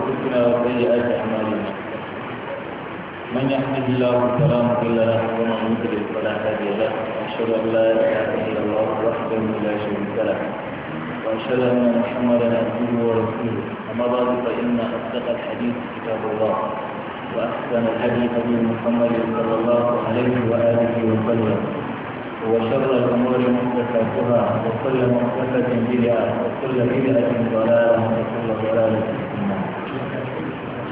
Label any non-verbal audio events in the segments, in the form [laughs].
أنفسنا وسيئات أعمالنا من يحمد الله فلا مضل له ومن يضلل فلا هادي له أشهد أن لا إله إلا الله وحده لا شريك له وأشهد أن محمدا عبده ورسوله أما بعد فإن أصدق الحديث كتاب الله وأحسن الحديث هدي محمد صلى الله عليه وآله وسلم وشر الأمور محدثاتها وكل محدثة بدعة وكل بدعة ضلالة وكل ضلالة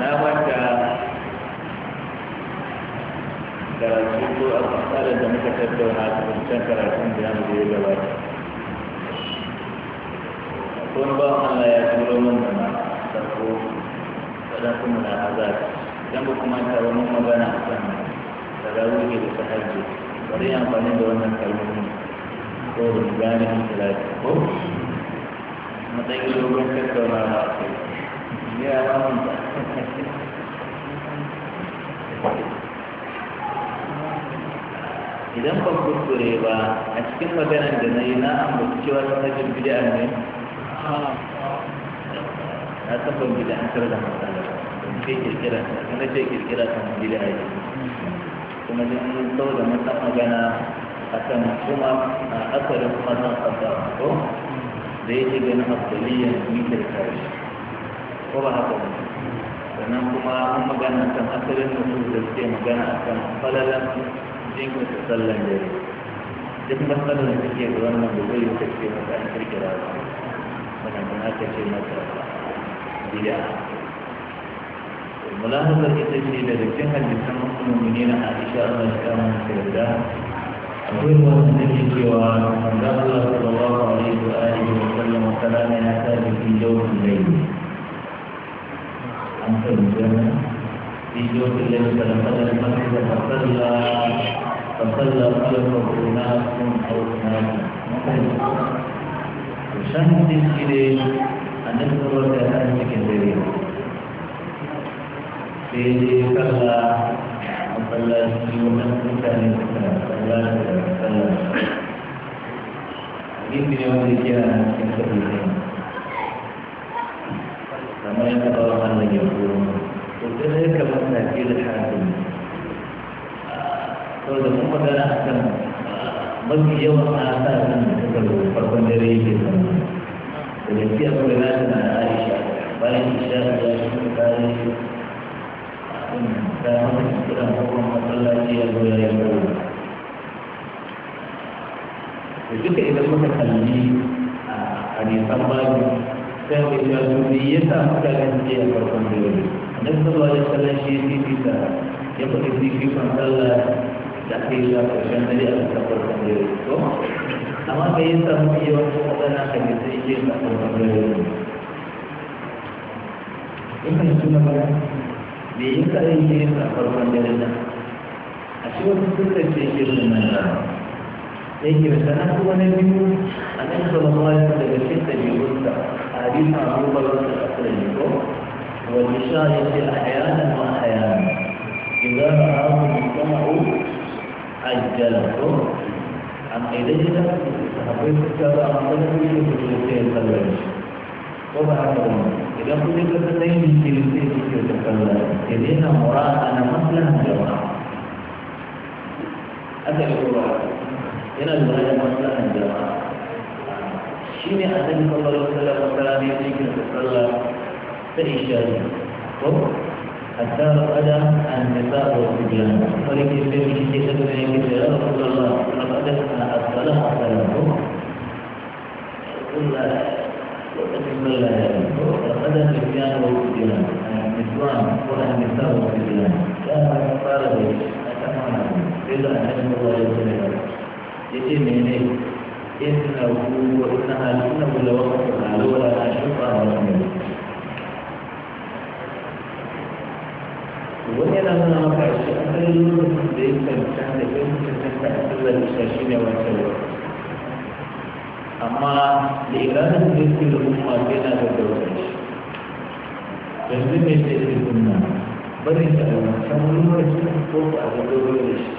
na manta da su a tsarin da muka tattauna a cikin karatun da mu da ya gabata kun ba Allah ya turo min da ma sako sadan kuma na azab dan ba kuma ta wani magana a kan tarawih da tahajjud bari amfani da wannan kalmomi ko da gane mun lafiya ko matsayin lokacin tattaunawa a kai ya ya manta idan ban kuskure ba a cikin maganar da na yi na ambaci cewa ta hajjin bidiyar ne na tabbar bidiyar tar da matsalar sai kirkira ta na ce kirkira ta ne kuma jin saboda mata magana a kan kuma a asalin mazan ƙasa ko da ya mitar ko ba haka ba sannan kuma an magana kan asalin mutum da suke magana a kan falalan jinkirta sallan dare duk matsalar da suke da wannan da zai wuce ce mata an kirkira ba wannan kuma aka ce bida mulahazar ita ce daga cikin hadisan musulmi na aisha Allah ya kama masa yarda akwai wanda take cewa manzo Allah sallallahu alaihi wa alihi wa Maka berjalan Tidur terjadi dalam keadaan Masih dan Fasallah Fasallah Fasallah Fasallah Fasallah Fasallah Fasallah Anda berdua Dengan sikit diri Sili Fasallah Fasallah Fasallah Fasallah Fasallah Fasallah Fasallah Fasallah Fasallah Fasallah Fasallah Fasallah Fasallah Fasallah ما يتطلع أن يقولون قلت له كما تأتي للحاكم قلت له ما كان أحكم mafi yawan mata nan da suka zo farkon dare yake zama da gaske a kawai nata na aisha bayan isha da ya shi ta kare ta mata kira kuma masallaci ya zo ya yi kawo da duka idan muka kalli a nisan babu sai mai ta zuri ya sa suka ganci a farkon dole na saba da sallar shi ya fifita ya faɗi fifikon sallar da aka yi zuwa a kan farkon dole ka yi samu yawancin waɗannan kan sai ke sa farkon dole in ka suna baya me yi ka yi ke sa farkon dole biyu a nan daga cikin حديث أبو بكر الأسلمي والبشارة أحيانا وأحيانا إذا رآه المجتمع أجله عقيدتنا حبيت كذا عقيدتنا في الجلسين الثلاثة وبهذا إذا كنت تتنين الجلسين الثلاثة إذن مراء أنا مثلا جواب أتى الأولى إلى المراء مثلا جواب shi ne a zai kawar wata da masara ne cikin da tsalla ta ishari ko hatta ada an nisa wa sibiyan farki sai shi ke ta gane ke da yawa sallallahu alaihi wa sallam na asala asala ko kullu lokacin sallah ya yi ko ada sibiyan wa sibiyan niswan ko an nisa wa sibiyan ya fara da shi a kan wannan sai da annabi sallallahu alaihi wa sallam yace menene إنه وإنها لإنه لوقتها لولا أشقها وإنه wani yana nuna maka shi a kan lokacin da ya kanta da ya kanta a tsallar isha shi ne wancan amma da iranin da yake da kuma yana da daukar shi yanzu mai shi da bari ko a da daukar shi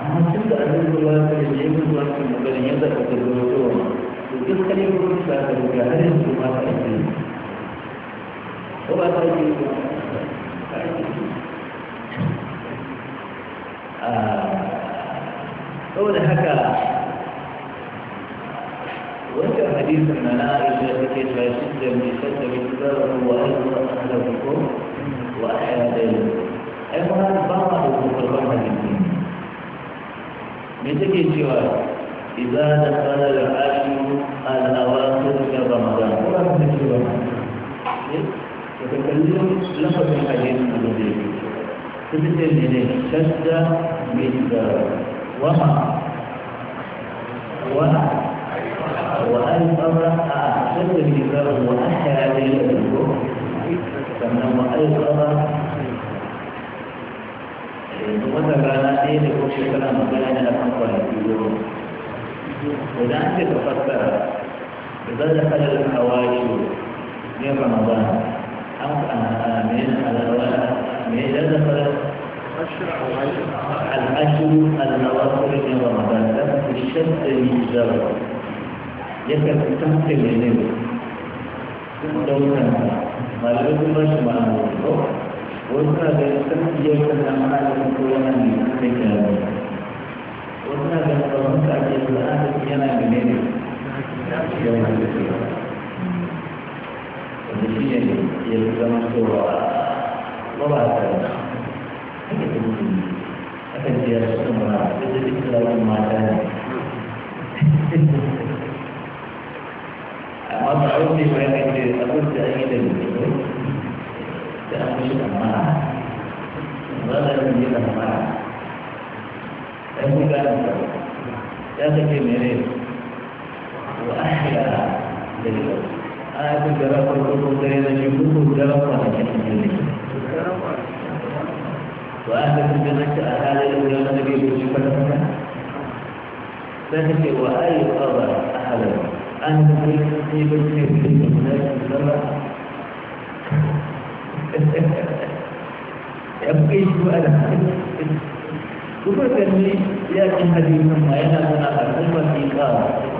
amma tun da abin da ba ka da yin ruwa ka magana yadda ka ga zuwa zuwa to duk kalmomin da ka ga har yanzu ba ka yi ko ba ka yi saboda haka wancan hadisin na na aisha ta ke cewa shi da mai shakka mai tsara wa aiki wa tsara ko wa aiki da yi ai kuma ba ma da kuma ba ma da me take cewa idza da kana da ashiru al awakhir min ramadan ko ba ta cewa ya ta kallon lafazin hadisi na da yake kuma ce ne ne shadda min da wama wa wa an fara a shadda min da wa an hayya da yake ko sannan wa an fara yanzu wata rana ɗaya da kuma shekara magana yana da kan kwanaki goma idan an ce ka fassara idan da kalar hawashi ne ramadan an kana mai alawa mai da kalar العشر النواصر من رمضان الشد الجر يكن تحت الجنب دوكا ما لكم مش معلوم Orang ada kerja tentang hal yang kurangan di mereka. Orang ada orang tak ada kerja tentang hal yang kurangan di mereka. Jadi dia dia sudah masuk bawah bawah tadi. Ini tu mungkin. Akan dia sudah mulai. Jadi kita lagi macam ni. Masa awal ni saya ingin dia, aku tidak ingin dia begitu. sai an yi lamara zana yin yi lamara ɗan yi gane ta ya sake mere wa ahiya da yi a yi kun gara farko kun gare na shi kun kun gara kwanakin jini wa an da kun gana ta a halin da yana da bai kuci kwanakwata sai ta ce wa ayi kwaba a halin an da kun yi bacci da kuma yi da kuma [laughs] Ya mungkin itu ada. Cuma kan ni, ya kan hari ini saya nak kenalkan semua kita.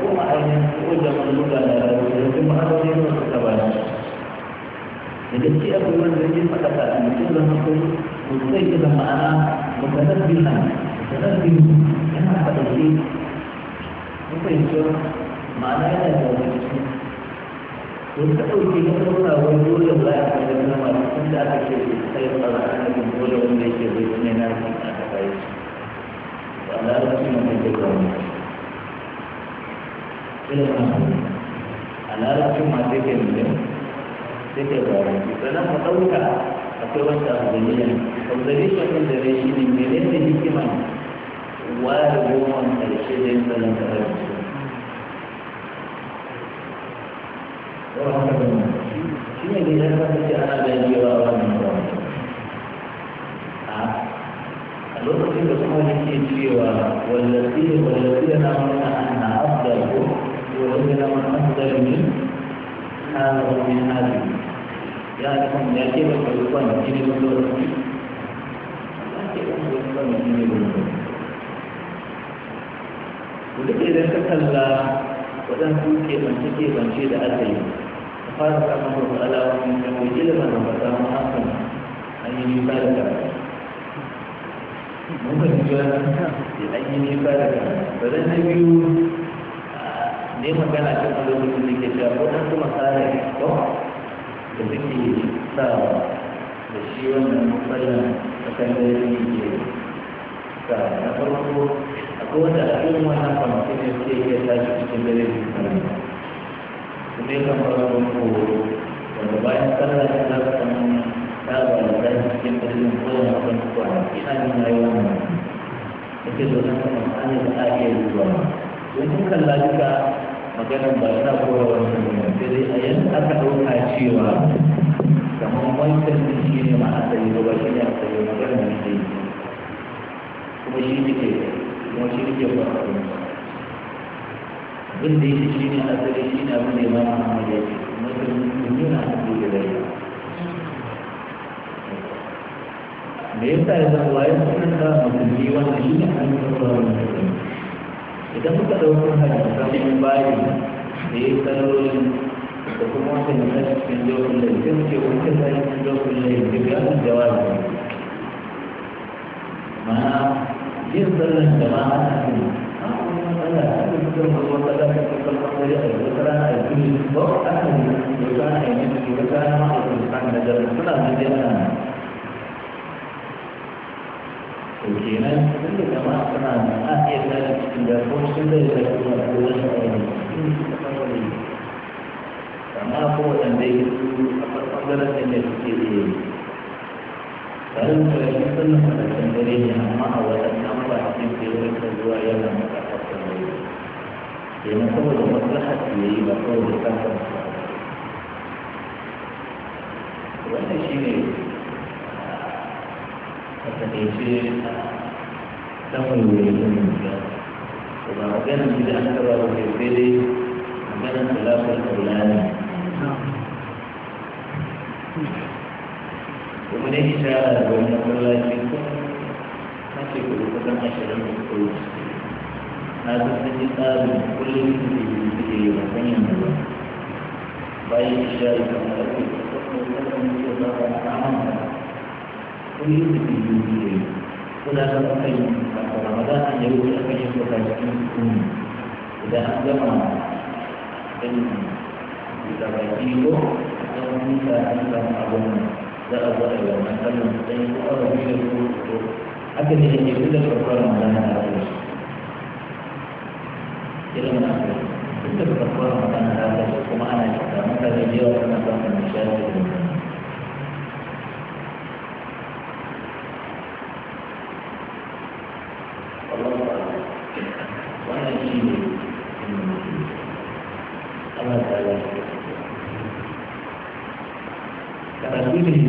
Semua ada, semua jangan lupa dalam hidup. Jadi mahal dia tu sekarang. Jadi siapa pun rezeki pada saat ini sudah mampu. Mungkin itu dah mana, mungkin dah bilang, dah bilang. Kenapa tu sih? Mungkin itu mana yang dia tahu untuk kita semua wujud yang lain pada nama kita ada kerja saya telah ada bola Malaysia di sini nanti ada baik pada hari ini kita kami selamat anak itu mati kembali kita baru kita nak tahu tak apa yang dah jadi yang kembali pada generasi ini mereka ni kemana Wajib untuk kita dengan terhadap orang beriman. Ini yang dilakukan si anak dan dia orang beriman. Lalu kita bersama dengan jiwa, walaupun walaupun kita mengenal anak abdul, walaupun kita mengenal abdul ini, kalau mengenal dia, ya kita mengerti bahawa tuan ini betul. Kita mengerti bahawa ini betul. Kita tidak sedang mungkin mencuci banci dan adil. Fakat kamu berulang dengan kamu jilman bersama aku. Ini dibalikkan. Mungkin juga ini dibalikkan. Sedang review. Dia makan aja kalau begitu dia jawab. Dan tu masalah itu. Jadi kita bersiwan dan berjalan akan dari dia. Kita nak berlaku ko da a irin wannan kwanakin da suke iya tashi cikin dare su kuma yakan fara wani horo wanda bayan sallah ya za su samu taba da tashi cikin dare su ko da kan kwanaki na nuna yawan yake zo na kuma an yi da iya zuwa domin kalla duka maganar ba ta kowa wannan sai dai a yanzu aka ɗauka cewa kamar wancan da shi ne ma asali ba shi ne a asali maganar da ke kuma shi ne ke kuma shi ne ke ba a kuma abin da yake shi ne a shi ne abin da ya ba a ya ce kuma mutum yana a cikin da zai me yasa ya zama waye sunan da mutum wanda shi ne an yi kuma wani idan muka ɗaukar hajji samun bayi da ya tsarolin da kuma wata nuna cikin jawabin da ita ce wata zai cikin jawabin da ita ga jawabin ma'ana Birbirinin cemaat ini. Apa namanya? Kita berbuat ada satu tempat saja. Bukan ada di bawah kami. Bukan ini. Bukan makhluk bukan belajar bukan belajar. Kemudian ini cemaat kenal. Akhirnya tidak pun sudah dari tempat tujuan ini. Ini kita tahu ini. Karena apa yang dia itu apa pelajaran yang dia sendiri. bayan da ya san na kan dare ne amma a wajen an ba shi ke wani zuwa yana bukatar kan dare kenan saboda maslaha ce yayi ba kawai da wannan shi ne a takaice samun yayin da ba maganar gida an taba ba sai dai maganar talafar kaulani Kemudian kita banyak berlanjutkan Masih berlanjutkan Aisyah dan berlanjutkan Nabi Sajita berkulit di diri diri Makanya Allah Baik Aisyah itu Tapi kita akan menjelaskan Tahan Kulit di diri diri Sudah dapat kain Kata Ramadhan Hanya dia akan menjelaskan Kulit di diri Sudah agama Dan Kita baik Ibu kita akan menjelaskan za a zo a yi wannan ko a rabu da ko to haka ne yake duk da farfara magana da aka irin na duk da magana da aka kuma ana da mutane da da shi ne Allah ta yi shi ne shi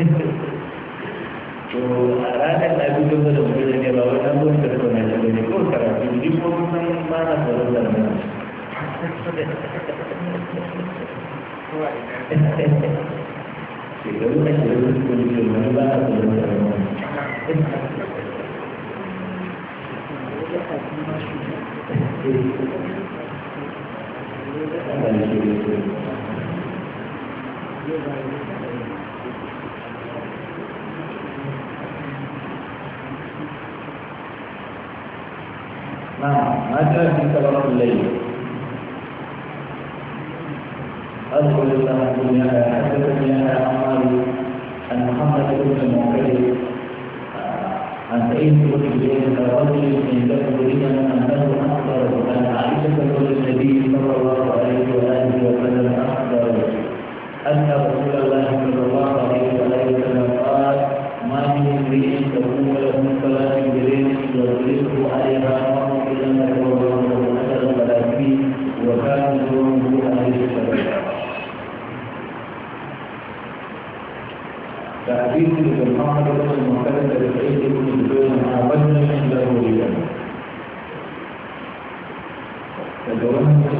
[laughs] to a ranar da abin da da mutum ne ba wani abubuwan da na shi ne ko karatu ni ko kusan ma na tsoron da na ke wani ba na tsoron da na نعم ما جاء في كبرة الليل أذكر الله الدنيا حدثني على أعمالي ان محمد بن المعتدل عن سعيد بن جبير رجل من ذكر ان أنه أخبر عن عائشة زوج النبي صلى الله عليه وسلم أه، أن رسول الله صلى الله عليه وسلم قال ما من امرئ تكون له صلاة بالليل يضربه عليها الله إلا ما يقول له أجر ثلاثين فيه وكان دونه عليه السلام تحديث بالمعنى المختلف للعيد بن زبير مع وزن عنده رجال تجاوزنا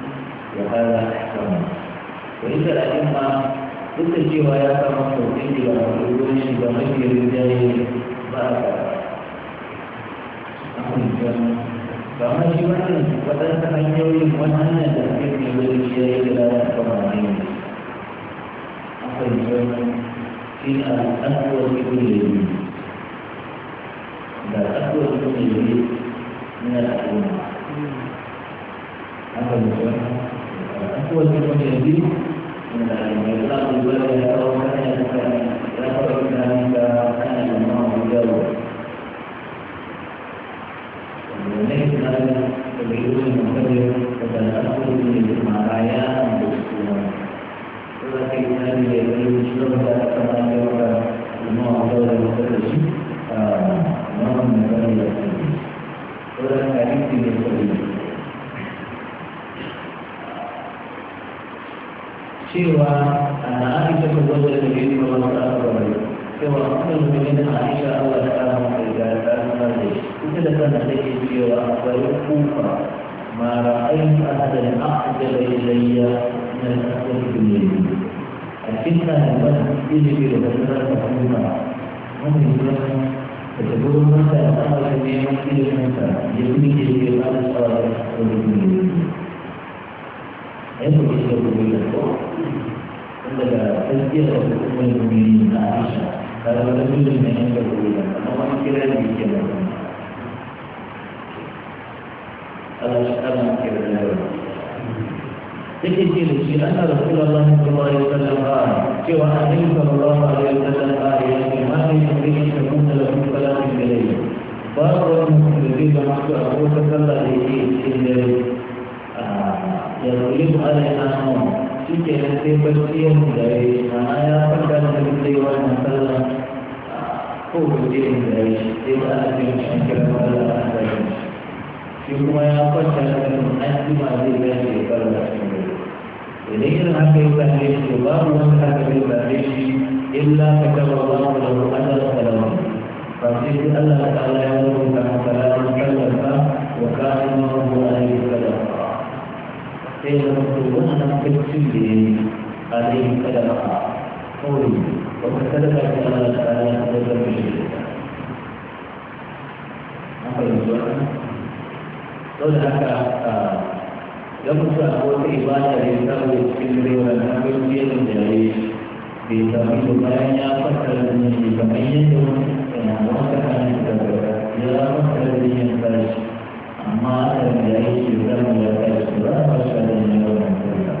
وهذا أحسن وإذا الأئمة مثل روايات المصروفين إلى مخرجون بغير رجال بركة فما جمعنا فتنسى من يوم وانا تذكر من رجال إلى الطمانين أخرجون إلى أقوى كل يوم إذا أقوى كل يوم من الأقوى أخرجون هو المتكلم العيش إلى أن يشرك ولا أهل العيش فيما يقتل أن يقدم أدلة فلا إليه الحق التهليش الله مسحك بالتهليش إلا كتب الله له أجر سلامه فقلت الله تعالى يوم كان سلام كلفا وكان الله عليه كلفا إذا مكتوبون نفسك سيدي عليه كلفا قولي وكتبت الله تعالى كلفا بشيء perjuangan. Tolak kata, kamu sudah buat ah, ibadah di tahu sendiri orang ambil dia menjadi di tahu itu banyak apa kerana di kamarnya tu yang awak katakan kita berkat dia apa kerana dia terus amal dan dia juga melihat surah pasal dia orang tua.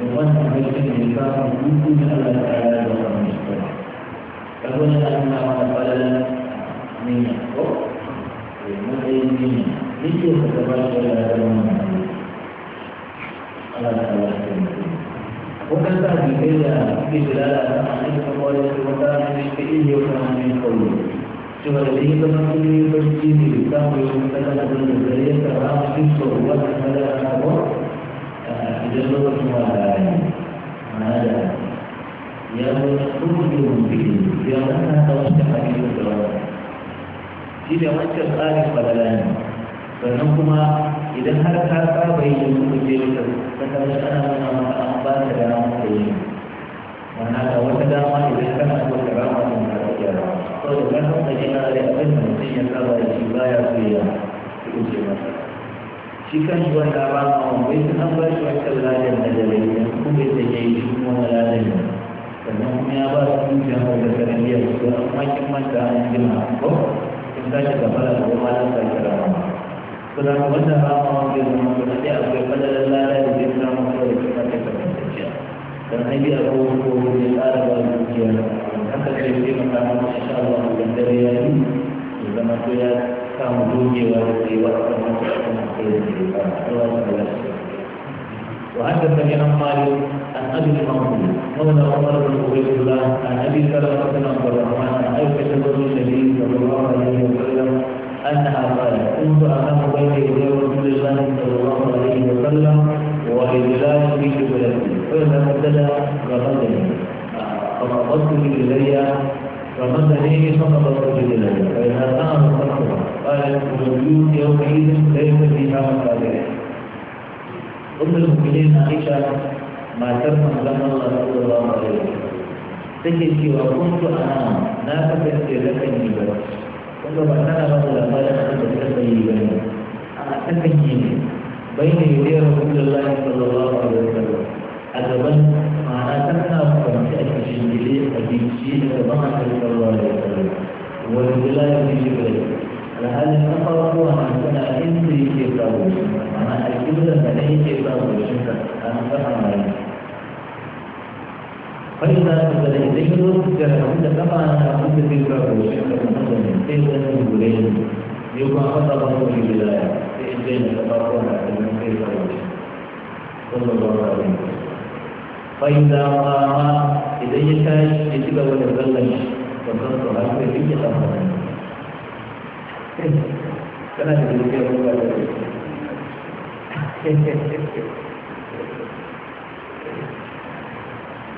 Jangan berfikir kita itu adalah cara orang Islam. Kalau tidak lain nak minyak kok lima ini itu sebab saya ada mengalami alat-alat tertentu. Bukan tadi beda di dalam ini kembali sebentar ini keilmu kami ini kau. Cuma di sini kami ini berjiwa kita belum kita dah belum berjaya terang di seluruh negara kita kok tidak lupa semua lain. Mana yang berkumpul di rumpi, yang mana tahu siapa itu berlaku. shi ne wancan tsarin falala ne sannan kuma idan har ka saba yi yin kuje ta kasance ana nuna maka an ba da dama ka yi wani haka wata dama idan kana so ka rama din ka ta gyara da ka san ka na da abin da mutum ya saba da shi baya so ya kuce masa shi kan shi wanda ba ma wani bai san an ba shi wancan lajin da da bai kuma bai Selama baca Al-Quran di rumah kerja, aku pada lelah dan di dalam kerja kita kita kerja. Dan ini aku berhubung di arah bagi dia. Kata kerja pertama, insya Allah akan dari hari ini. Juga maksudnya, kamu bunyi wajib di waktu yang masih akan mengkirim diri. وحدثنا عن مالك عن ابي المغفور مولى عمر بن ابي الله عن ابي سلمه بن عبد الرحمن عن ايش النبي صلى الله عليه وسلم أنها قالت كنت أمام بيتي يدي رسول الله صلى الله عليه وسلم ورجلان في جبلتي فإذا بدل غمزني فقبضته إلي فقط فقبضته إلي فإذا نعم فقبضته قالت وجود يومئذ ليس فيها مقابل أم المؤمنين عائشة ما تفهم لنا الله صلى الله عليه وسلم تجد وكنت أنام لا تكفي لك النبات to ba tana ba da labarin abin da ta bayi ba ne a takan yi ne bai ne yi da rasulullahi sallallahu alaihi wasallam a gaban ma'ana tana kwanci a cikin gile a bincike da gaban a cikin sallallahu alaihi wasallam wani gila ya fi shi bai alhali na farko a tana inda yake kawo ma'ana a kiblar da yake kawo shi ka a nan kasa mai فإذا أرسل إليه ذكر عند كما أنت في الباب وشكر مسلم يبقى خطبه في البداية في الدين تطرقون على من كيف صلى الله عليه وسلم فإذا قام إذا يشاش يجب أن يبلش وقصت هل في كل خطبه كما يقول لك يا رب العالمين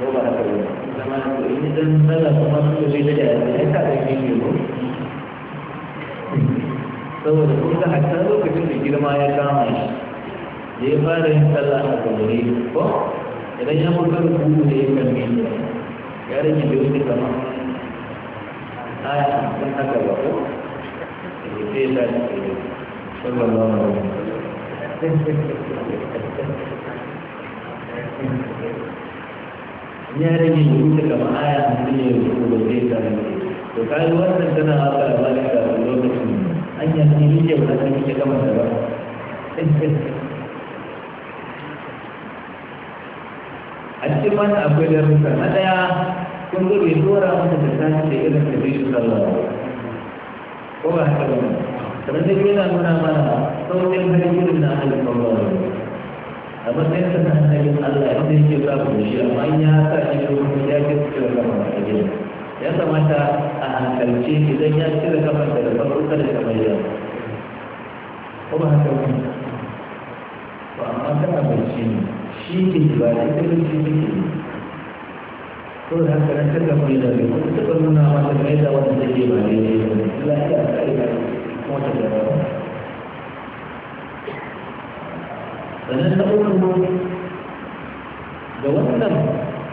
ko ba haka na da jami'a ya ta da yin ko saboda kun ga hatta lokacin da girma ya kama shi da ya fara yin sallah a gabare ko idan ya mutu rubu da ya kalmi ya rage da wani kama aya kun haka ba ko sai ya ta ce sallallahu alaihi wasallam Thank you. ya rage ya wuce kama aya mutum ya wuce ba zai sami to kayi wannan tana haka da wani da lokacin an yi ne yake wani da yake kama da ba a cikin wani akwai da rusa na ɗaya kun zo bai dora masa da tashi da irin da zai shi sallah ko ba haka ba sannan dai yana nuna mana sauƙin harkirin na halin sallah a matsayin sa na annabin Allah ya sai ke sa ku shi amma ya sa shi domin ya ga cikin kama a gida ya kamata a hankalce idan ya cire kafar daga farko kada ka mai yawa ko ba haka ba to amma kana bacci ne shi ke ibada ita ne shi ke ko da haka nan kada mai da ko ta nuna mata mai da wanda ke ba daidai ba lafiya ka ka ida kuma ta da sannan na uku da wannan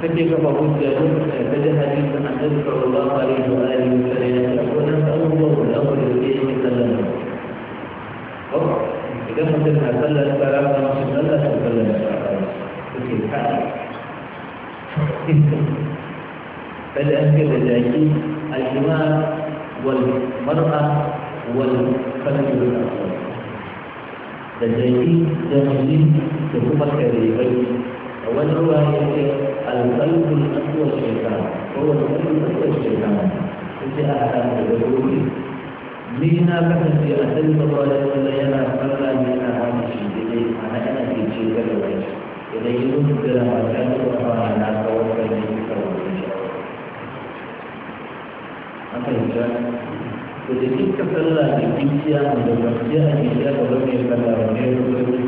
take kafa hujja lokacin da ji hadisin annabi sallallahu alaihi wa alihi wa sallam ya ce wannan abubuwan guda uku da ke yin sallar idan mutum na sallar tsara ta mashi sallar ta sallar tsara ta ke kaɗa kada an ce da jaki al-jima wal mar'a wal kalmi dan jadi jangan di kebukaan dari bayi awal awal yang ke al-qalb al-aqwa syaitan awal al-qalb al-aqwa syaitan kesehatan berdua Mina kata si Adil Mubarak Malayana Kala Mina Hamishi Jadi anak-anak kecil ke luar Jadi itu kita makan Kepala anak kau Kepala anak kau Apa yang saya Ketika telah dipisah dan berkerja Kita boleh menyebabkan dalam diri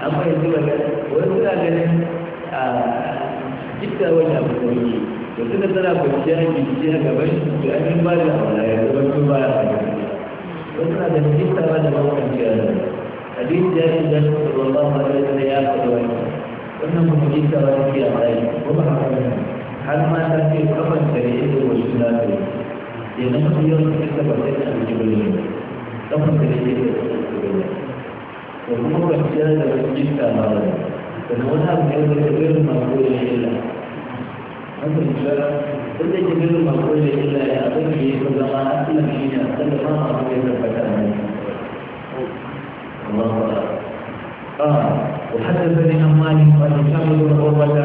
apa yang dia kata? Orang-orang ada ni Kita awak nak berkongi Kita nak berkongi Kita nak berkongi Kita nak berkongi Kita nak berkongi Kita nak berkongi وسنا جنسيت هذا ما هو كان حديث جاء النبي صلى الله عليه وسلم يأخذ ويأخذ وأنه حديث هذا في أعلاه وما هل ما تأتي قبل سريعه وشناته لأنه يوم كتب سنة الجبلية قبل سريعه وشناته وهو كان جنسيت هذا فنوانا بهذا الكبير مقبول إلا wanda ke gani ba ko da illa ya abin da ya fi zama asalin shi ne asalin ba وحدثني عن مالك قال هشام بن عروه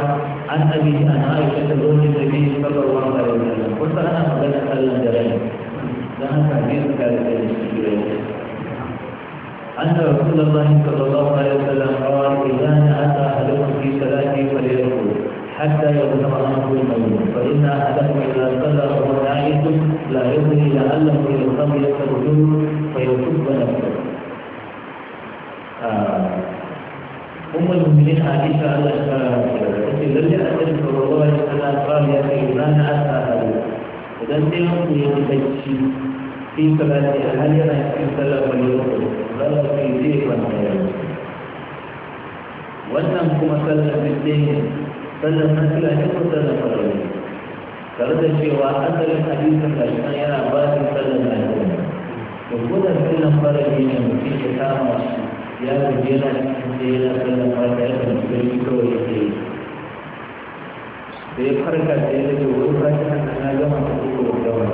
عن ابي عن عائشه بن ابي صلى الله عليه وسلم قلت انا قبلت سلم جلالي لها تحديث ذلك أن رسول الله صلى الله عليه وسلم قال إذا أتى أحدكم في صلاته فليقول حتى يبلغ أنه الموت فإن أحدكم إذا صلى وهو نائم لا يدري لعله إذا صلى الرجل فيكب نفسه آه، أم المؤمنين عائشة التي لم النبي صلى الله عليه وسلم قال يا سيدنا أتى هذا إذا أنت يمشي في صلاته هل يرى في صلاة فليدخل بل في ذيك وأنت wannan مثلا في الدين sannan kila ne ko sannan farari tare da cewa asalin hadisin ƙarshen yana ba shi sallan al'umma to ko da sallan farari ne mutum ya kama ya guji yana cikin da yana sallan farari ya kan cikin kawai ya ke da ya farka da ya ce wani fashi haka na gama ta ko gama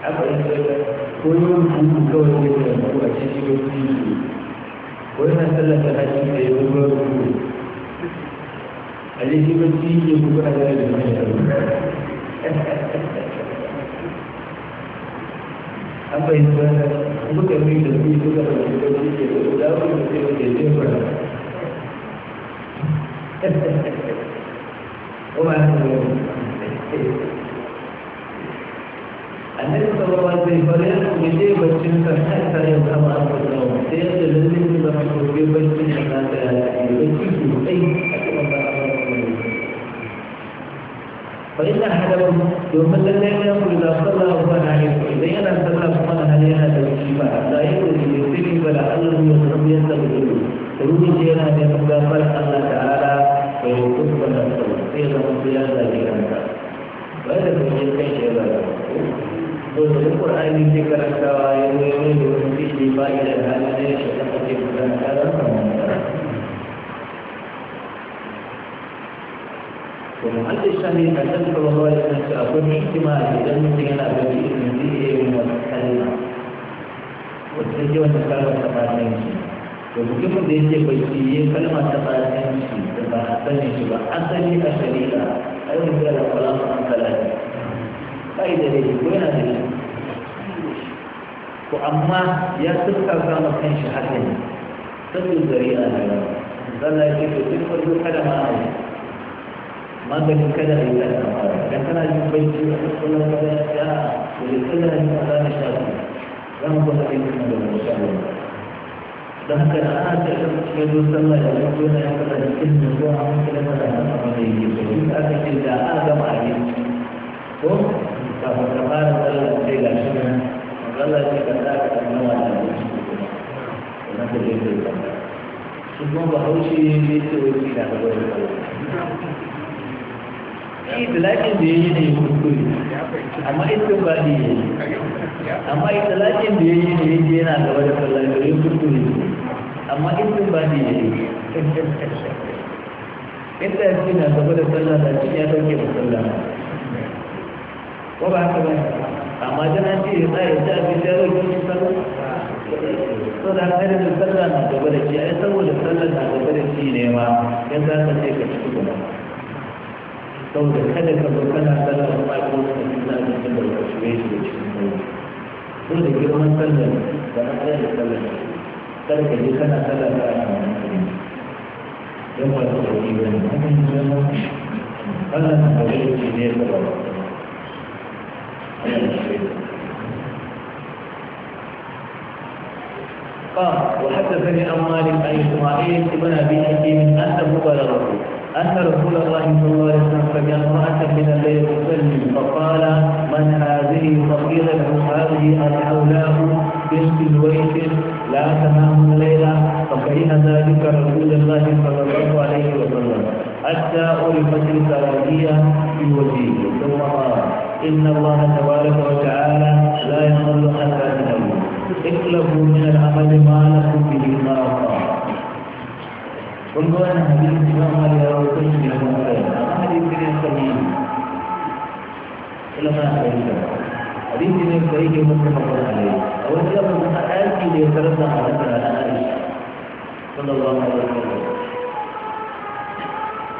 aka ko yi wani kawai ya ke da kuwa cikin yau wani na sallar da haji da yi zuwa rubu a je shi bacci ya kuma a yana da mai an bai zuwa da suka mai da su suka da su bacci ke da su dawo da su ke da yi fara kuma an zuwa annabi sallallahu alaihi wasallam ya ce baccin sa har sai hadabar domin lallai ya ku da sallah ba na yi idan yana sallah kuma na hali yana da shi ba da yi ko da sirri ba da Allah ya san ya san da ruhi ce yana da gafar Allah ta'ala ko kuma na sallah sai da mun ya da kanka ba da ce kai shi ba ko da Qur'ani ke karantawa ya ne ne da wani shi ba ila halin da shi ta ce da Allah domin an ce shani a kan tsoron wani kan ce akwai hikima idan mutum yana da ilimin zai iya yin wata kalma wata ce wata kalma ta fatanci da mutumin da yake bai ce yi kalma ta fatanci da ba a sani shi ba asali a shari'a a yau da da kalama an kalata kai da dai ko yana da shi ko amma ya suka kama kan shi haka ne sabbin zari'a na yau zalla ya ce duk wani kalama ne maganin kada a yi ta samara dan kana yin baiti a cikin kada ya da kada a yi ta na shafi zan gwada aikin da wani shafi da haka ta yi cikin sallah da wani kuma ya kada cikin da zuwa a wani kada kada na sama da yake da aka ce da a gama a yi ko kafin ka fara sallah sai ga shi nan sallah ka sa ka kallama da wani shi na da yake so shi kuma bahaushe ne ce wani da ga wani shi talatin da ya yi ne kuskure amma ita ba ne amma ita da ya yi ne yake yana gaba da kallon da amma ita ba ne inda ya fi na gaba da kallon da ya dauke da ko ba haka ba amma jana ce ya tsaya ta abin da ya dauke da da haka da sallah na gaba da shi ai saboda sallah na gaba da shi ne ma yanzu aka ce ka ci gaba saboda the ka zo kana sallar ba ko ka ji na da cikin da ka shige shi da cikin mai the da girman sallar da na da that kada ka je kana sallar da ana wani kuma don ba ta sauki ba ne wannan na kawai shi ne ya ba قال وحدثني عن مالك عن اسماعيل بن ابي حكيم انه بلغه أن رسول الله صلى الله عليه وسلم سمع امرأة من الليل تصلي فقال من هذه فقيل له هذه الحولاء بنت زويد لا تنام الليلة فبين ذلك رسول الله صلى الله عليه وسلم حتى ألفت الكراهية في وجهه ثم قال إن الله تبارك وتعالى لا يضل حتى تنام اطلبوا من العمل ما لكم به ما Kalau anak hadir dalam hari Rabu itu tidak mungkin. Hari ini yang kami dalam hari ini. Hari ini yang baik yang mesti kita hadir. Awak tidak mungkin hadir di dalam hari Rabu pada hari ini. Kalau Allah mengatakan,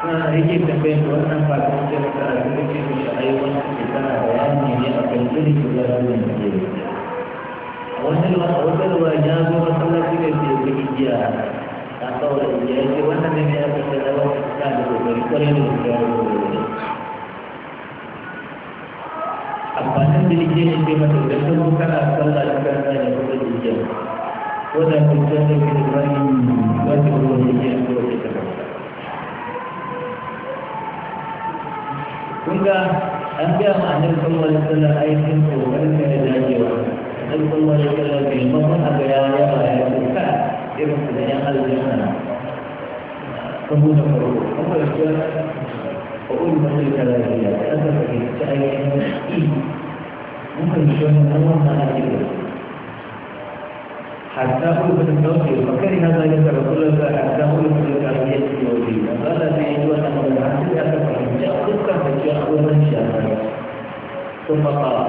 nah hari ini sampai dua enam pagi kita akan hadir di sini. Ayo kita orang ini akan jadi sudah hadir di sini. Awak tidak awak tidak wajar untuk melakukan sesuatu yang tanto la diferencia buena de la que se da los cristianos de territorio de los cristianos de los Apanan dirigir el tema de que esto nunca la salda la casa de la cosa de Dios. Toda la cuestión de que se va a ir un cuarto de los dirigentes de los Kunga anda manusia manusia lain pun boleh menjadi orang. Manusia manusia lain pun boleh menjadi irin su da yan aljanna saboda farko kuma da ke ƙwaƙwai masu da lafiya da aka fahimci ayyukan yi mun fahimci wani zaman na ajiyar حتى ألفت التوفيق فكره ذلك رسول الله حتى ألفت الكافية الوزية قال في أيوة من العسل أتفهم جاء صدقا فجاء أولا شاء ثم قال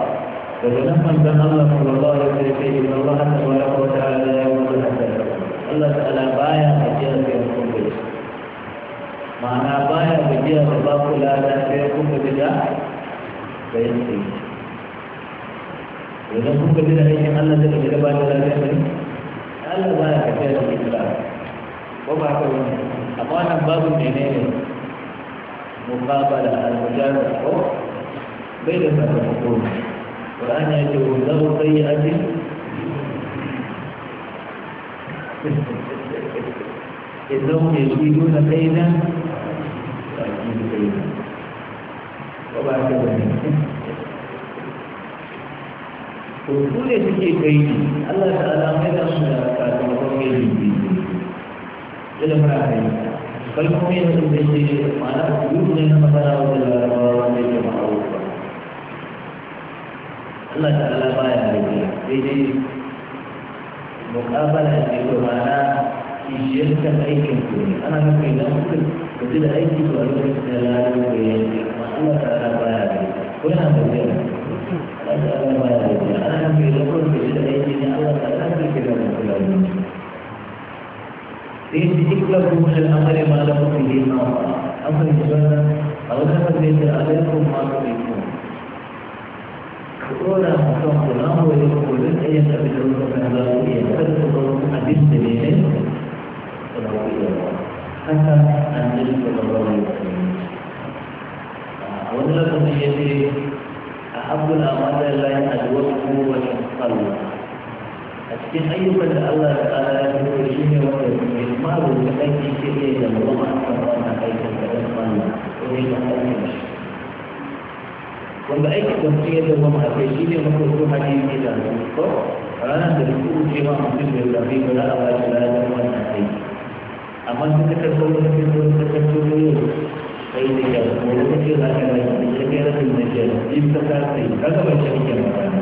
فلما انتهى الله صلى الله عليه وسلم الله تبارك وتعالى يوم الحسن Allah ta'ala baya gajiya da ya kuma da ma'ana baya da ba kula da ya kuma da da da ya ce idan kun gaji da aikin Allah zai gaji da ba da lafiya ne Allah baya gajiya da ya ba ba haka wani amma wannan babu ne ne muqabala al-mujarrad ko bai da sakamako Qur'ani ya ce wa zau sayyi'atin إنهم يكيدون كيدا وأكيد كيدا وبعد ذلك Kuku ne suke kai Allah ta'ala mai da su da sakamakon yin biyu. Ilimin ra'ayi. فالمؤمن بالبشر معناه يؤمن مثلا بالغرار بالمعروف الله تعالى ما يعرف به مقابلة للمعنى في شركة أي كنتوني أنا ممكن إذا ممكن بدل أي سؤال استهلال ومسألة على بياني وين أنا أسأل ما يريد أنا ممكن إذا كنت بدل أي شيء الله تعالى ممكن كذا ممكن ليس اكلكم من الأمر ما لكم به ناصر أمر الجنة أو كما ليس عليكم ما تريدون كورونا مصاب غلام ويقولون أن يتبدلون هو القلب أكتب أيها الله تعالى يقولون وإجماع الحج كثير الله أكبر حيث تدخل وإلى الحج wanda aiki tafiye da zama a kai shi ne mafarko hadisi da ko ranar da duk kuce ma mutum da zafi ba za a ba shi ranar wannan kai amma sun ka karɓar wani kai wani ka karɓar wani kai da yau wani kake za ka rai da kai rashin da ke yin ta sa kai ka gaba shi ake magana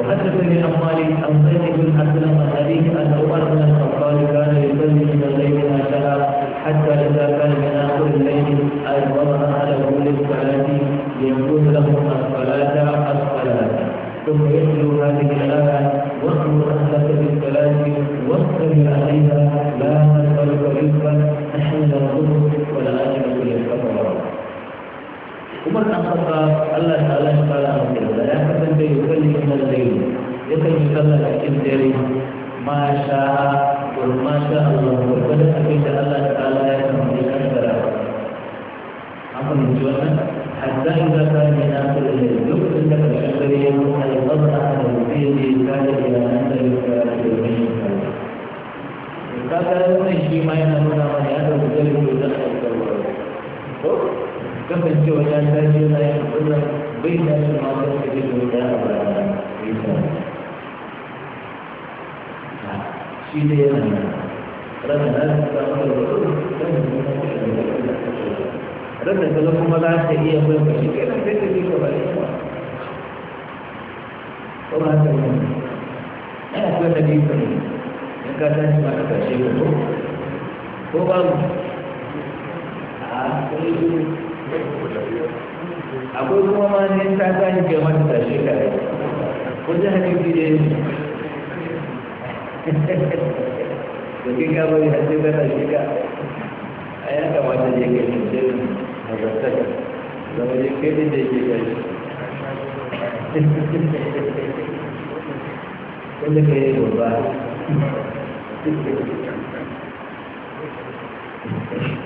وحدث من أموالي أم زيد بن عبد القهري أن عمر بن الخطاب كان يصلي من الليل هكذا حتى إذا كان من آخر الليل أن وضع على كل الصلاة ينقل لهم الصلاة الصلاة ثم يتلو هذه الآية واخبر أهلك بالصلاة واصبر عليها لا نسألك رزقا نحن نرزقك ولا أجر Umar dan Khattab Allah Taala Taala berkata, "Ya kasance yukalli min al-layl." Yakan yukalla cikin dare. Masha wa masha Allah berkata kepada Allah Taala yang memberikan barang. Apa tujuannya? حتى إذا كان من آخر الليل يقصد لك الشجرية أن يضع على الفيل كان إلى أن يكون في المشي kaga wannan shi ma yana nuna mana ya dauki dalilin da aka kawo kasancewa ya tashi yana yin wannan bai da shi ma da suke da wuta a baya bai ta shi ne yana nan ranar da su ta wani wato kan da kuma ta shi da wani ranar da kuma za ta iya bai ka shi kenan sai ta fito ba ita ko ba ta yi ana kuwa da biyu kan in ka tashi ma da ƙarshe ko ko babu a kuma yi akwai kuma ma ne ta gani ga mata shi ka rai kun ji hadisi ne da ke ka bari a cikin gana shi ka a ya kamata je ka shi ce a zartaka zama je kai ne da ke gani kun ji kai ne ba Thank you.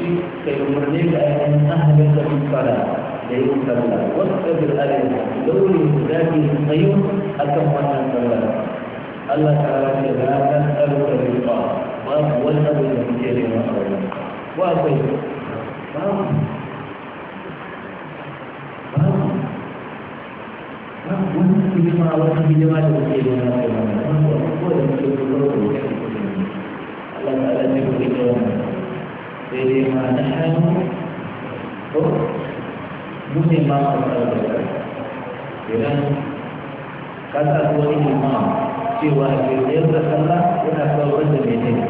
lokaci kai umarni da ainihin ahalin da fara da yi sallah wasu da alim daure da ke tsayo a kan wannan sallah Allah ta rasa da ta tsaruka rifa ba ku wani abu da kuke neman aure ko akwai babu babu babu wani hidima wani hidima da kuke neman aure ba ko da kuke neman aure Allah ta rasa da kuke neman aure بما نحن مسلم ما أرسل إذن kata wani imam cewa kirkiyar da sallah yana kawar da mene inda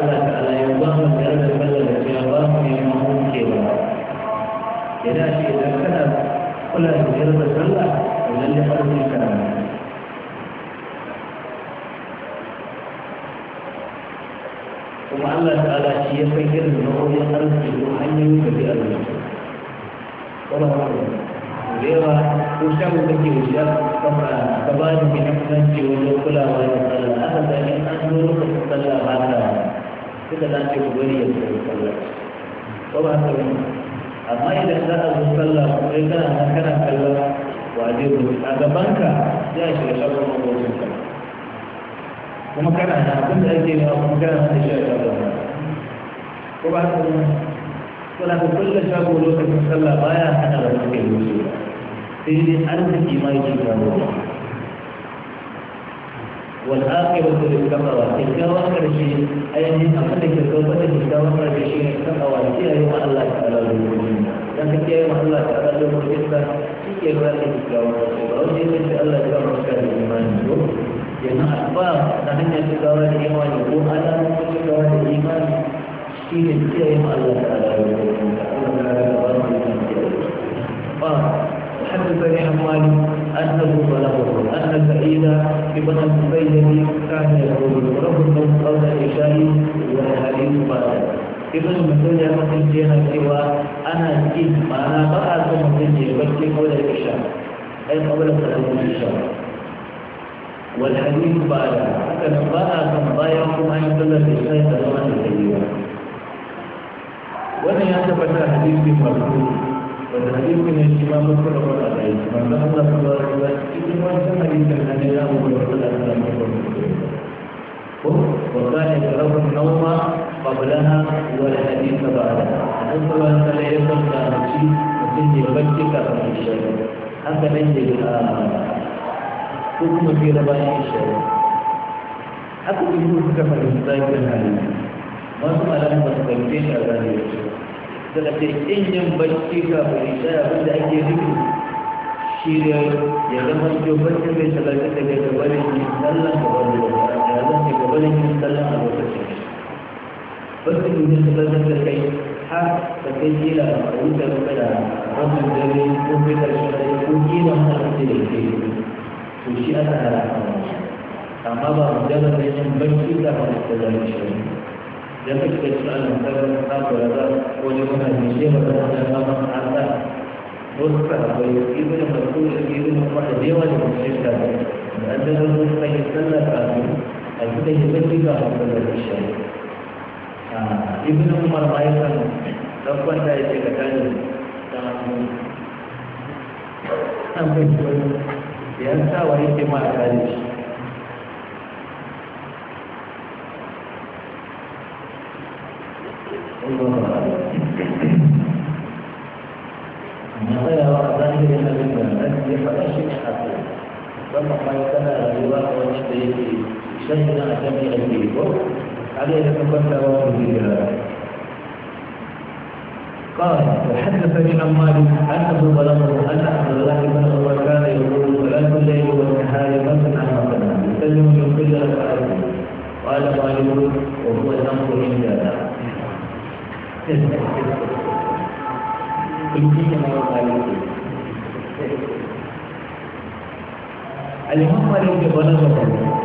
Allah ta'ala ya ba mu tare da sallah da cewa ba ma mun ke ba kana kula da kirkiyar kuma Allah ta'ala shi ya san irin nau'in arziki ko hanyoyin da zai arziki kuma da yawa ko shago kake wuce kafa ka ba da mai kasance wajen kulawa da sallah aka zane an zo lokacin sallah ba ta suka dace ku bari ya zo sallah kuma haka wani amma idan za a zo sallah ko kai kana kana kallon wajen a gabanka za a shiga shagon mabocinka kuma kana da abin da ake nema kuma kana da shi a shagoro ko ba ta kuma kuna da kullum shago lokacin sallah baya hana ba ta kai wuce ba sai dai an ta kima yake shagoro wani aka yi wata kama wa ta gawa karshe ayyami amma da ke kawo bada ke gawa karshe shi ne kama wa ke yi wa Allah ta ala da wuce dan ka ke yi wa Allah ta ala da wuce ta shi ke gawa ta ke gawa karshe ba wani yake Allah ya gawa karshe da imani ne yanzu alfa ta hanyar shigawa da imani ko alamun shigawa da imani shi ne kiyaye ma Allah ta ala da Allah ta ala da ba mu yi ba حدثني حماد أنه بلغه أن سعيد ابن المسيب كان يقول رب قول عشاء والحديث باطل ibn mutum ya kasance yana cewa ana ji ma'ana ba a son mutum ya barci kawai da isha ai kawai da salamun isha والحديث بعد كان باء تنبايعهم أن يدل في شيء تدون الحديث وأنا يعتبر حديث مرفوع والحديث من الإمام مسلم عليه من الله صلى الله عليه وسلم إنما حديث الذي لا عليه له وكان يترك النوم قبلها والحديث بعدها حديث الله صلى الله عليه وسلم كان شيء مثل يبكي في الشيء هذا ليس ko kuma fira bayan isha'i haka ido suka fara kan halin wasu malamu ba su fahimce shi a zahiri daga ɗin yin barci kafin isha'i abin da ake nufi shirya ne ya zama jo barci mai talata daga gabanin yin sallan gabanin wata ya zama gabanin yin sallan a lokacin barci mai talata da kai har da kai kila a wutar da rabin dare ko fitar shi ko kila har da ke Suci anak darah Tanpa bahawa jalan dia yang berkita pada sejarah Islam Dia berkesan antara tetap berada Oleh mana dia berada dalam atas Bukan bahawa itu yang berkulis itu Mereka dewa yang berkita Dan ada yang berkita yang yang salah kami Aku tak jumpa juga pada Islam Ibn Umar Bayakan Dapat saya cakap tanya Sampai jumpa siasa wa hekima ya nchi. Maya wa dhahiri na bimbal yafanya haki kama faikana aliwa wa shtahili shaina jamii alipo aliyekuwa kwa watu bila قال وحدثني عن مالك انه بلغه ان عبد الله بن عمر كان يقول صلاه الليل والنهار عن مثنى يسلم من كل ركعه قال مالك وهو ينقل من ذلك الإمام مالك بلغه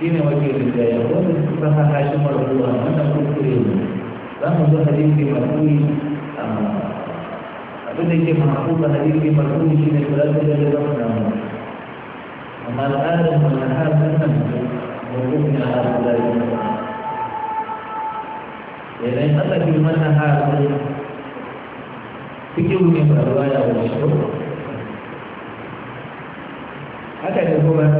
Kini wakil berjaya pun Terima kasih semua berdua Mana pun kirim Lalu untuk hadir di Matui ah, Aku tak ingin mengakukan hadir di Matui ini berat dan jadi orang nama Amal Adam menahan dengan mungkin Allah dari Jadi apa kita mana hari, itu Fikirnya berdua ya Allah Ada yang berdua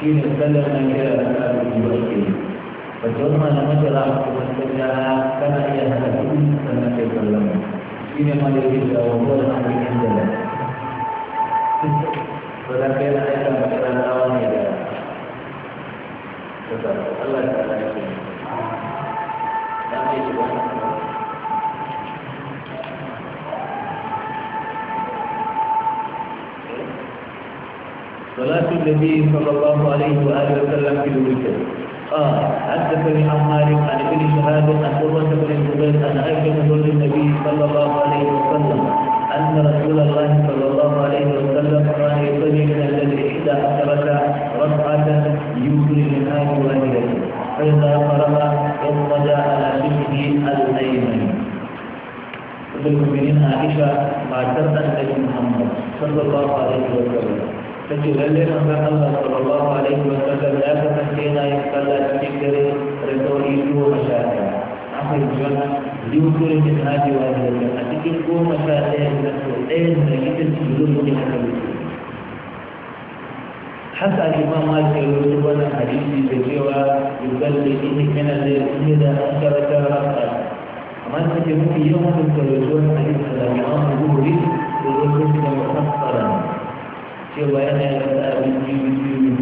kini sedang mengira akan dibuat ini. Pertama nama jalan kerja lah. karena ia sangat ingin sangat kebalam. Kini mahu kita wujud dan ingin jalan. Berapa yang ada dalam perjalanan ini? Tetap Allah Taala. Tapi juga. صلاة النبي صلى الله عليه وآله وسلم في الوجه. آه حدثني عن مالك عن ابن شهاب عن قرة بن الزبير عن عائشة زوج النبي صلى الله عليه وسلم أن رسول الله صلى الله عليه وسلم كان يصلي من الذي إحدى عشرة ركعة يوتر منها بواحدة فإذا قرأ اضطجع على شبه الأيمن ابن المؤمنين عائشة مع ترأى النبي محمد صلى الله عليه وسلم take lalle na san Allah sallallahu alaihi wa sallam ya kasance yana yin sallah cikin dare da sauri goma sha ɗaya an fahimci wannan biyu kure min hadi wa hadi a cikin goma sha ɗaya da so ɗaya da cikin zuwa ne aka yi hasa imam malik ya rubuta wannan hadisi da cewa yusalli bihi min al-layl da ashara raka'a amma take mafi yawan da rubuta wannan hadisi da imam bukhari cewa yana yi wata abin biyu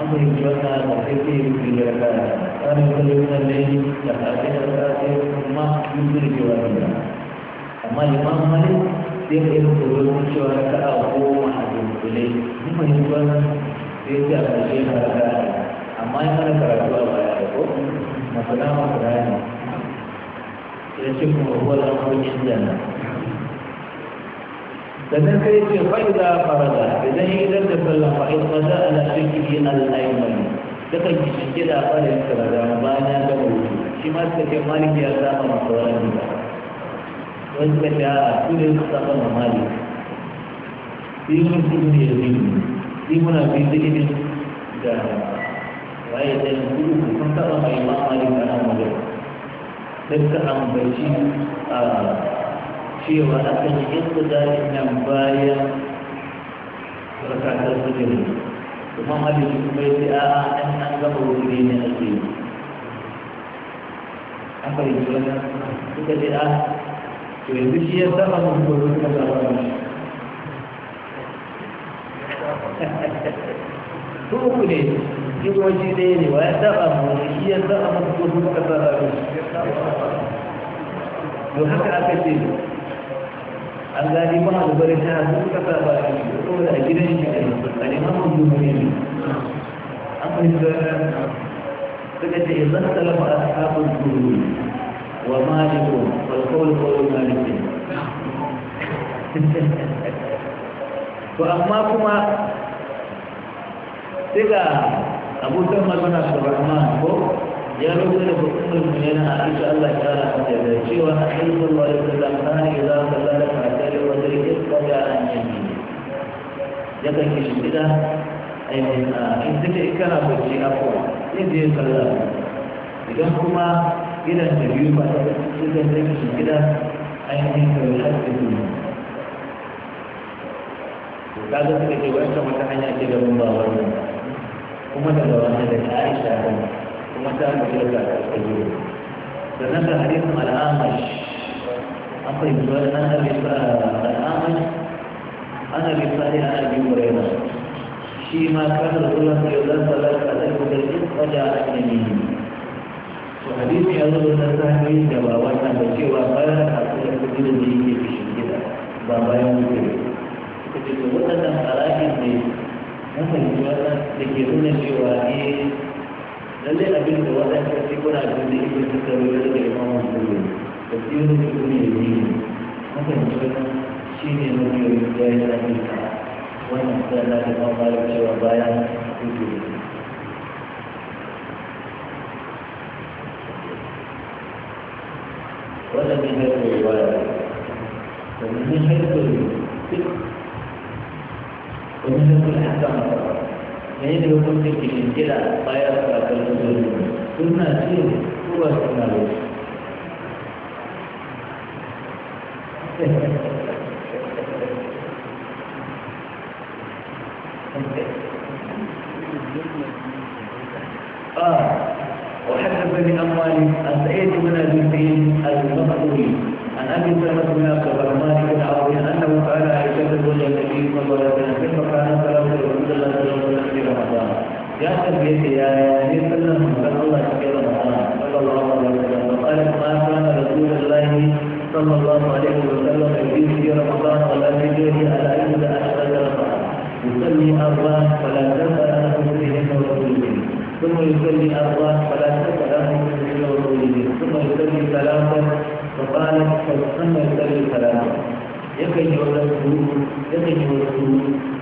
an fahimci wata da kai ke yi tsarin kwallo na da kafin da kara kuma yusu da cewa biyu amma liman mali sai ka yi kuro sun cewa ka a goma a dunkule mun fahimci wannan sai ta kashe na kara amma yi mana karatu a baya da ko masana masana ne sai ce kuma kowa da kuma yin jana sannan kai ce fa'iza da idan yi idan da sallah fa'in maza ala shirki al'aimani duka ki shige da farin karada bayan ya gama wuce shi ma suka ce maliki ya saba masu wani ba wani suka ce a su ne su saba ma maliki sai mun su ne ya zai sai muna fi zai da waye da su sun saba mai ma maliki a nan wajen sai suka ambaci a cewa aka yi inda zai nan bayan rakatar sujudi kuma hadisi kuma ya ce a'a an an gama wuri ne ake yi an fahimci wannan suka ce a to yanzu shi ya saba mun gobe suka saba mun su uku ne ɗaya ne wa ya saba mun shi ya saba mun gobe suka saba mun to haka aka ce an gani ba da barin ta su suka sa ba shi saboda a gidan shi ne a neman mun duniya ne an fahimta suka ce idan talaba a sabon turu wa maliku wal qawl maliki to amma kuma sai ga abokan magana su rahman ko ya rabu da hukumar mu yana a aisha Allah ya kara mata da cewa a aisha Allah ya kalla kana idza sallala fa tare wa tare ka ga an yanni ya kan ki shida ai mun in take kana bacci afwa in ya sallah idan kuma idan da biyu ba ta cikin da take gida ainihin da haƙƙin ta ga suka ce wata wata hanya ce da mun ba wannan kuma daga wani da ta aisha kuma. kuma ta yi da ta Da sannan da hadisin al'amash an fahimci wani an harisa al'amash an harisa ne an harbi wurera shi ma kan rasulun da yau zan salar zai kuma yi kwaja a yanayi to hadisi ya zo da sahihin da ba wannan da cewa bayan a cikin kudin da yake fishin gida ba bayan wuce ka ce to waɗannan alaƙin ne na fahimci wannan da ke nuna cewa Dan dia lagi buat dan kita pun ada jadi ibu kita juga jadi orang tua. Jadi orang tua ni ni. Apa yang kita sini mesti dia yang lagi tak. Wan kita lagi mau balik ke Surabaya itu. Walau di mana pun, walau di mana pun, di mana pun, di mana pun, di mana pun, ini lah, dia untuk dikirim tidak bayar kepada tujuh ini. Tuna sih dua setengah.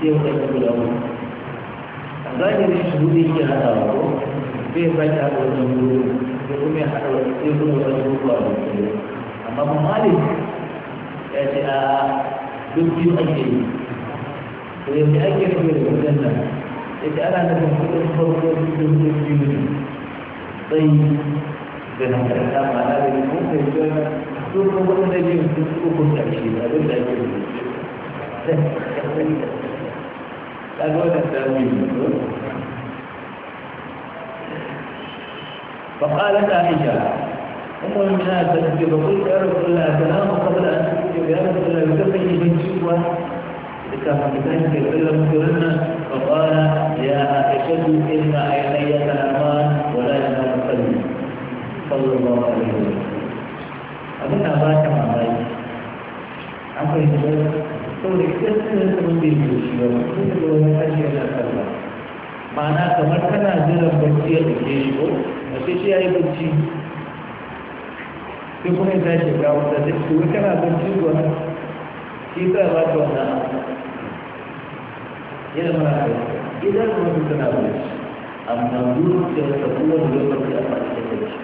sai waɗanda guda uku a zahirin shi hudu haɗa wa ko zai sake haɗa wannan hudu sai kuma ya haɗa wani sai kuma wani hudu a wani amma kuma malik ya ce a duk biyu ake yi to yanzu ake rufe da wajen nan ya ce ana nufin kudin farko da kudin biyu ne sai da na karanta ma'ana da kuma kai jiya ko kuma wani da biyu sun uku ƙarshe abin da ake rufe الأجوال التأويل فقالت عائشة أم المؤمنات التي بقول يا رسول الله تنام قبل أن تكتب يا رسول الله يتقي من شكوى لتحدثان كثيرا مثلنا فقال يا عائشة إن عيني تنامان ولا ينام قلبي صلى الله عليه وسلم أبنى باكم عبايك عفوا يتبارك saboda idan sanin sanin yi ba sai da wani tashi yana kalla ma'ana kamar kana jiran barci ya ɗauke shi ko a sai shi ya yi barci sai kuma ya tashi ga wata da shi wai kana barci ko na shi ta ba ta wannan yana mara kai idan wani tana barci amma duk da ta kowane lokaci a faɗi da barci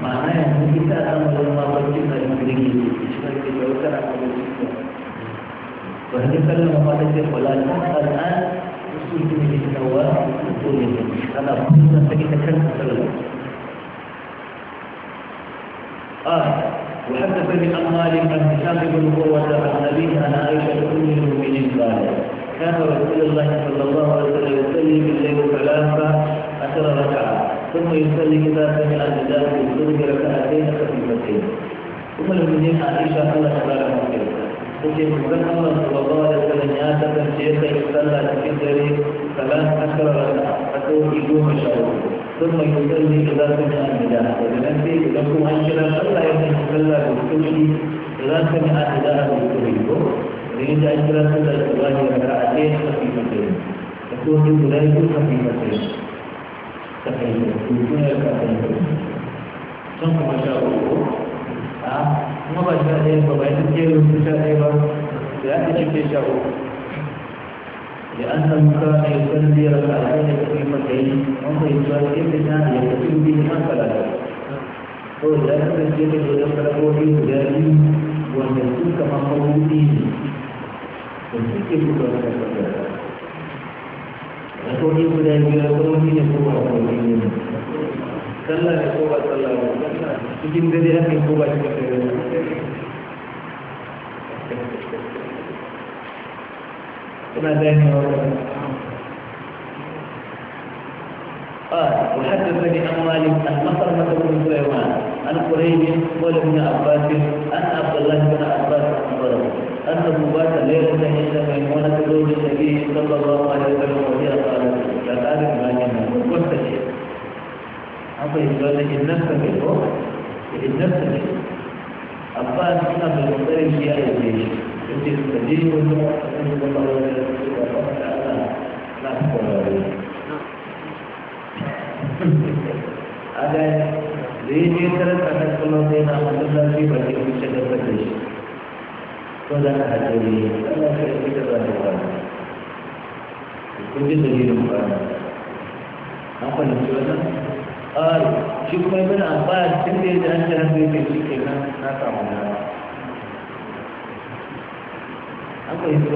ma'ana yanzu ita a kan wajen mafarkin da yin birni shi ne ke kyautar a kan وهذه كلمة مالك ولا تحت الآن يسوي من النواه وطول أنا كنا آه وحدثني عن مالك عن هشام بن قوة عن أبيه عن عائشة أم المؤمنين قالت كان رسول الله صلى الله عليه وسلم يصلي بالليل ثلاثة عشر ركعة ثم يصلي إذا سمع النداء يصلي ركعتين خفيفتين ثم المدينة عائشة قال صلاة مغفرة وكيف كان الله صلى الله عليه وسلم ياتى شيخا يصلى في الدري ثلاث عشر ركعة حتى يقوم شهوه ثم يصلي إذا سمع النداء وبنفسه لكم أنشرا فلا يكن يصلى بالسجود إذا سمع النداء بالسجود يريد أن يصلى الصلاة ركعتين خفيفتين يكون ذلك خفيفتين ka fahimta duniyar ka fahimta sun kuma sha uku a kuma ba sha ɗaya ba bai take rufu sha ɗaya ba da ya sha uku da an san ka ne ka a kai da kuma matsayi an fahimta yadda ta da ya fi biyu an da ya kasance da dodon kalabobi biyu wanda kama ne da suke buga wata rakoni guda biyu rakoni ne ko ba rakoni ne sallah ne ko ba sallah ba cikin dare haka ko ba cikin dare kuna gane wa قال وحدثني عن مالك عن مصر بن سليمان عن قريب قال ابن عباس عن عبد الله بن عباس عن أنه بات لا يمكن إلا ما يمانا تدور لسبيه صلى الله عليه وسلم وهي قال لا تعرف ما يمانا وكل تشيء أبا يقول لك النفس في الوقت النفس في الوقت أبا أسنا من المطير في آية الجيش أنت تستجيب النوع أن يقول الله عليه وسلم وقال لا تقول الله عليه ada di sana kata kalau dia nak mengambil lagi bagi kita dapat dia saudara hadirin, apa yang kita lakukan? Kunci kehidupan. Apa yang kita Ah, cuma benda apa? Sendiri jangan jangan berfikir nak apa Apa itu?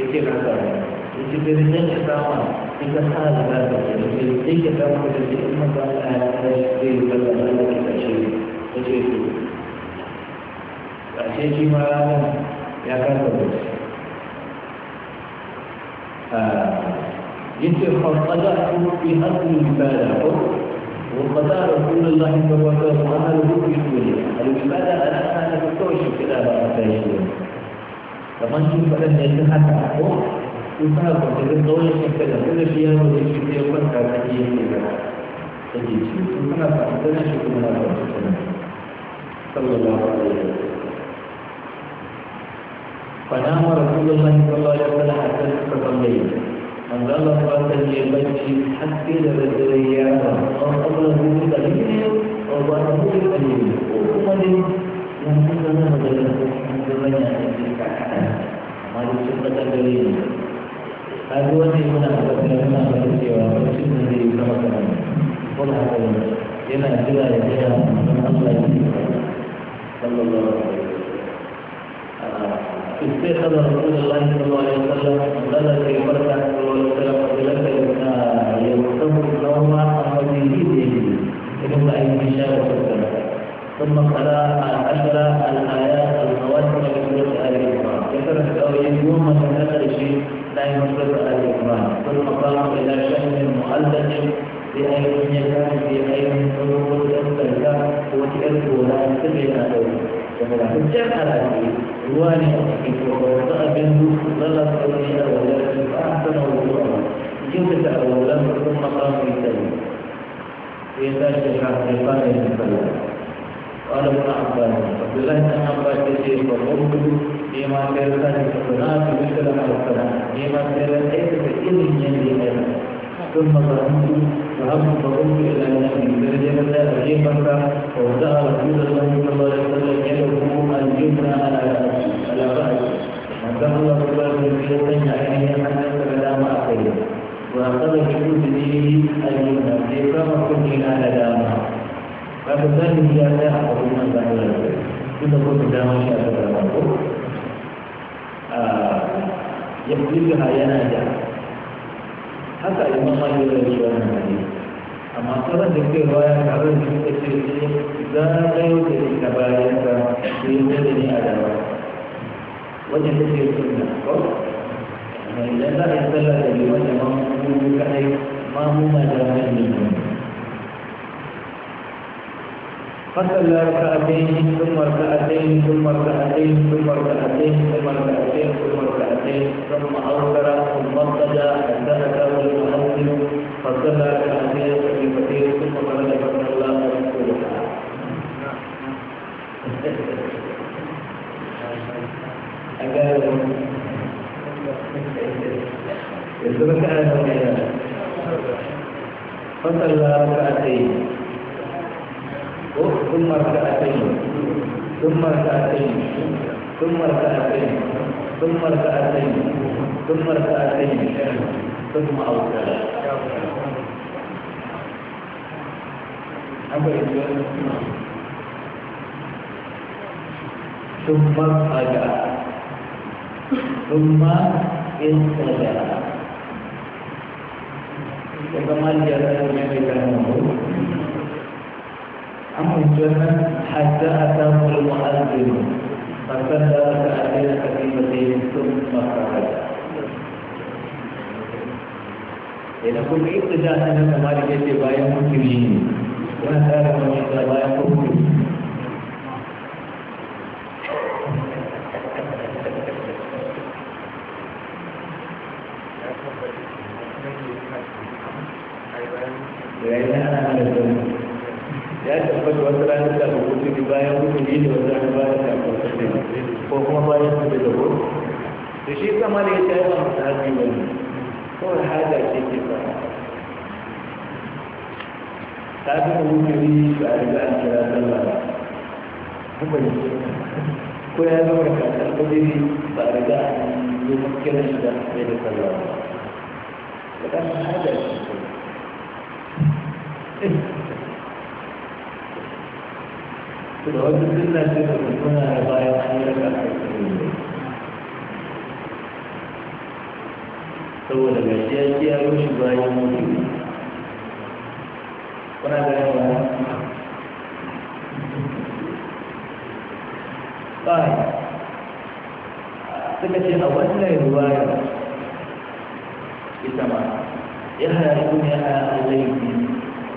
Kita nak apa? Kunci kehidupan kita apa? Kita salah berapa? Kunci kita apa? Kunci kita apa? Kunci kita apa? Kunci kita apa? Kunci kita apa? Kunci kita apa? ƙarshe shi ma ranar ya kasa bacci ah, yace fasadatu fi hadhihi al-ibada وقضى رسول الله صلى الله عليه وسلم عمله في الدنيا العبادة أنا أنا بكوش كده بقى تايشين كمان شوف بدل ما يتحكى هو يفهم كده الدولة كده كل شيء هو يجي في يوم كان كده تجي شوف أنا فاهم أنا شوف أنا صلى الله عليه وسلم فنام رسول الله صلى الله عليه وسلم حتى نصف الليل أن ظل فاتا ليبكي حتى لبدري أو قبل ذلك الليل أو بعد ذلك الليل وكما لي من كنا نبدأ من زمن ما يشبه الليل هذا هو شيء من هذا الكلام هذا الشيء هذا الشيء من ذي كما كان قل هذا إلى جل جل من الله صلى الله عليه وسلم Uh-huh. استيقظ رسول الله صلى الله عليه وسلم بدا في فرقه صلى الله عليه وسلم قبلته يكتب النوم عن وجهه ثم ان شاء وسلم ثم قرا العشر الايات الخواتم من سوره ال عمران ذكر التوحيد يوم تكلم شيء لا ينصر ال عمران ثم قام الى شأن مؤلف بأن كان في عين حروف تستلزم وتأتوا لا تجد أدوه. جمع الحديث Tuhan yang begitu berkuasa akan duduk dalam kerajaan wajah di atas nubuah. Ia tidak berulang berulang makam kita. Kita sehat di mana yang berulang. Kalau pun apa, apabila yang apa jadi berbumbu, dia masih akan berkenaan dengan kita dalam kerajaan. Dia masih akan ikut ilmu yang dia dapat. ثم ظلمت فهمت فقمت الى نفسي فلجم لا اجيبك فوضع رسول الله صلى الله عليه وسلم يده اليمنى على على راسي وكان الله صلى الله عليه وسلم يعيني حتى فلا ما اخذ واخذ بجوده اليمنى فكما كنت على دامه فبذلك يا لا اقول من بعد ذلك كنت كنت دامه شاء الله يبدلها ينادى haka imam malik ya rawaito wannan hadisi amma sauran da ke baya tare da suka ce ne eh, za a yau da ta bayan ka sai ya da ni a dawa wajen da ke sunna ko amma idan za a yi sallah da liman da mamu kaɗai mamu ma da wani فصلى ركعتين ثم ركعتين ثم ركعتين ثم ركعتين ثم ركعتين ثم ركعتين ثم اوتر ثم اضطجع حدثك والمؤذن فصلى ركعتين خفيفتين ثم قال فضل الله ورسوله يسبك على فصلى ركعتين Oh, semua saatnya, semua saatnya, semua saatnya, semua saatnya, semua saatnya, semua saatnya. Apa yang dia Semua saja, semua saja. Bagaimana jalan yang mereka mahu? أما الجنة حتى أتاه المؤذن فسلم فأتينا كتيبته ثم خرج إذا كنت ابتداء أنا مالك يتبايع مسلمين وأنا تعرف أن يتبايع مسلمين Gracias. ya tabbata wata rana ta mutu ne bayan mutu ne da wata rana bayan ta mutu ne ko kuma bayan su da zabo da shi sama da ya ta yi ba mutu haɗi ba ne kawai haɗa ce ke fara ta fi da mutu ne ba a riga an kira sallah ba kuma ne ko ya zama da kasar kudiri ba a riga an yi kiran shi da mai da sallah ba da kan haɗa ce da wasu sunna ce da suna da bayan an yi raka saboda gashi ya ce ya rushe bayan mutu kuna ganin wani ƙari suka ce a wannan ruwayar ita ma ya haya ne a alaikin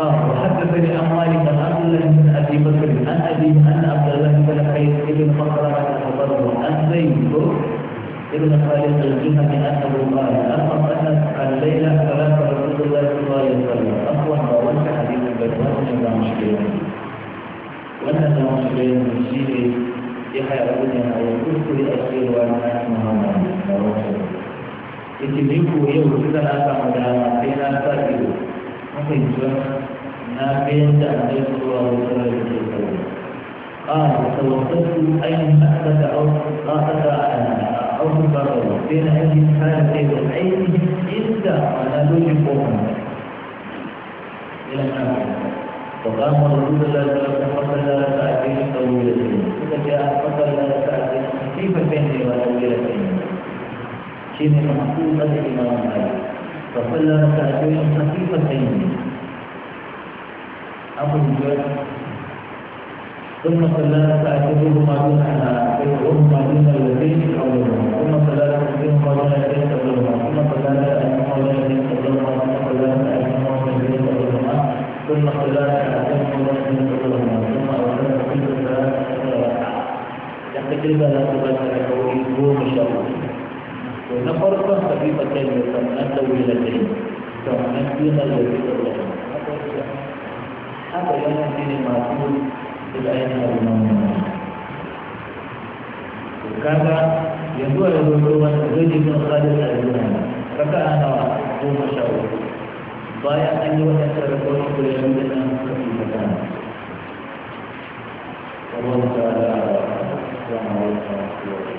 وحدثني عن مالك عن عبد الله بن ابي بكر عن ابي ان عبد الله بن قيس بن فقره المضر عن زيد ابن خالد الجهني انه قال لقد اتت الليله صلاه رسول الله صلى الله عليه وسلم اقوى وانت حديث البدر وانت مشكله وانت مشكله من شيء يحيى او يذكر الاشياء وانت محمد يتبعك يوم كذا لا تعمل على سيدنا سائل muka ji na ga yadda a zai zuwa wutar da قال توقفت أين أحدث أو أحدث أو تبرر بين هذه الحالتين وعينهم إلا على لوج قومهم إلى الآخر وقام رسول الله صلى الله عليه وسلم قتل ساعتين طويلتين فجاء كيف ساعتين خفيفتين وطويلتين شيء محفوظة الإمام مالك فصلى ركعتين خفيفتين أبو الجد ثم صلى ركعتيهما دون ما دون الذين قبلهما ثم صلى ركعتيهما دون الذين قبلهما ثم صلى ركعتيهما دون الذين قبلهما ثم صلى ركعتيهما دون الذين قبلهما ثم صلى ركعتيهما دون الذين قبلهما ثم ثم أوصل خفيفة ثلاث ركعات يقترب لك بدر يعني قوله هو مشروع to na farkon kafifa ta yi sannan da wula ta yi to nan biyu na da wula ta yi haka yana shi masu da ainihin al'umma to kaga yanzu a yanzu ruwan da zai ji kan sadar da al'umma kaka ana goma sha uku bayan an yi wannan sarrafa da yanzu na kafifa ta yi والله تعالى أعلم